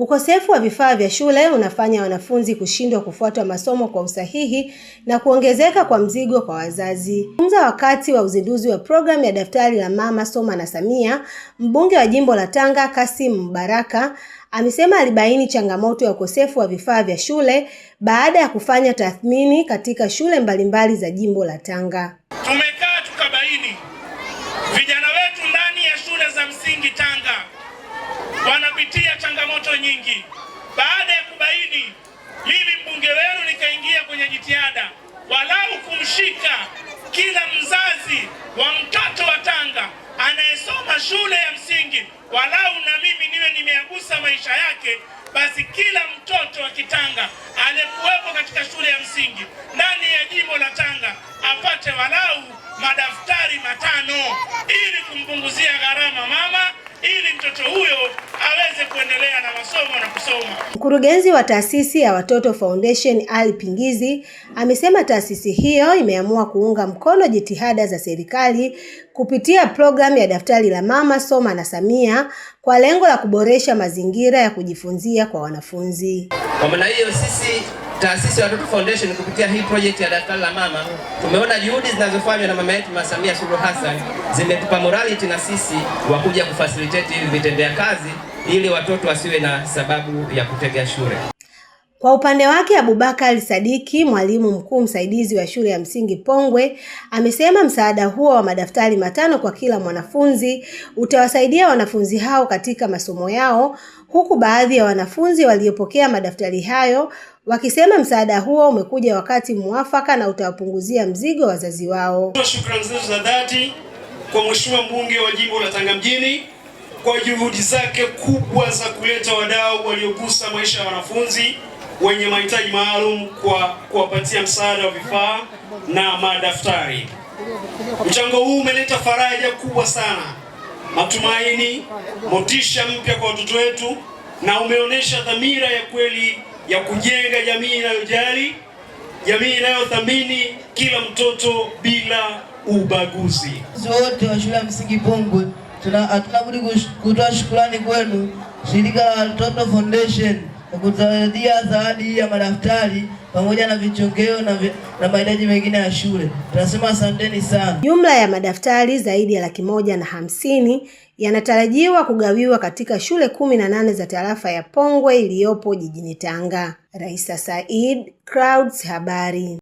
Ukosefu wa vifaa vya shule unafanya wanafunzi kushindwa kufuata masomo kwa usahihi na kuongezeka kwa mzigo kwa wazazi. Mza wakati wa uzinduzi wa programu ya daftari la mama Soma na Samia, mbunge wa jimbo la Tanga Kasim Mbaraka amesema alibaini changamoto ya ukosefu wa vifaa vya shule baada ya kufanya tathmini katika shule mbalimbali za jimbo la Tanga. Tumekaa tukabaini vijana nyingi. Baada ya kubaini, mimi mbunge wenu nikaingia kwenye jitihada walau kumshika kila mzazi wa mtoto wa Tanga anayesoma shule ya msingi, walau na mimi niwe nimeagusa maisha yake. Basi kila mtoto wa Kitanga aliyekuwepo katika shule ya msingi ndani ya jimbo la Tanga apate walau madaftari matano, ili kumpunguzia gharama mama, ili mtoto huyo aweze Mkurugenzi wa taasisi ya Watoto Foundation Ali Pingizi amesema taasisi hiyo imeamua kuunga mkono jitihada za serikali kupitia programu ya Daftari la Mama, Soma na Samia kwa lengo la kuboresha mazingira ya kujifunzia kwa wanafunzi. Kwa maana hiyo, sisi taasisi ya Watoto Foundation kupitia hii project ya Daftari la Mama tumeona juhudi zinazofanywa na mama yetu Samia Suluhu Hassan zimetupa morality na sisi wa kuja kufacilitate hivi vitendea kazi ili watoto wasiwe na sababu ya kutega shule. Kwa upande wake Abubakar Sadiki, mwalimu mkuu msaidizi wa shule ya msingi Pongwe, amesema msaada huo wa madaftari matano kwa kila mwanafunzi utawasaidia wanafunzi hao katika masomo yao, huku baadhi ya wanafunzi waliopokea madaftari hayo wakisema msaada huo umekuja wakati muafaka na utawapunguzia mzigo wazazi wao. Shukrani zetu za dhati kwa Mheshimiwa mbunge wa jimbo la Tanga mjini kwa juhudi zake kubwa za kuleta wadau waliogusa maisha ya wanafunzi wenye mahitaji maalum kwa kuwapatia msaada wa vifaa na madaftari. Mchango huu umeleta faraja kubwa sana, matumaini, motisha mpya kwa watoto wetu na umeonyesha dhamira ya kweli ya kujenga jamii inayojali, jamii inayothamini kila mtoto bila ubaguzi. Wote wa shule ya msingi Pongwe hatuna budi kutoa shukurani kwenu shirika la Watoto Foundation kwa kutuzawadia zawadi hii ya madaftari pamoja na vichongeo na, na mahitaji mengine ya shule. Tunasema asanteni sana. Jumla ya madaftari zaidi ya laki moja na hamsini yanatarajiwa kugawiwa katika shule kumi na nane za tarafa ya Pongwe iliyopo jijini Tanga. Raisa Said, Clouds Habari.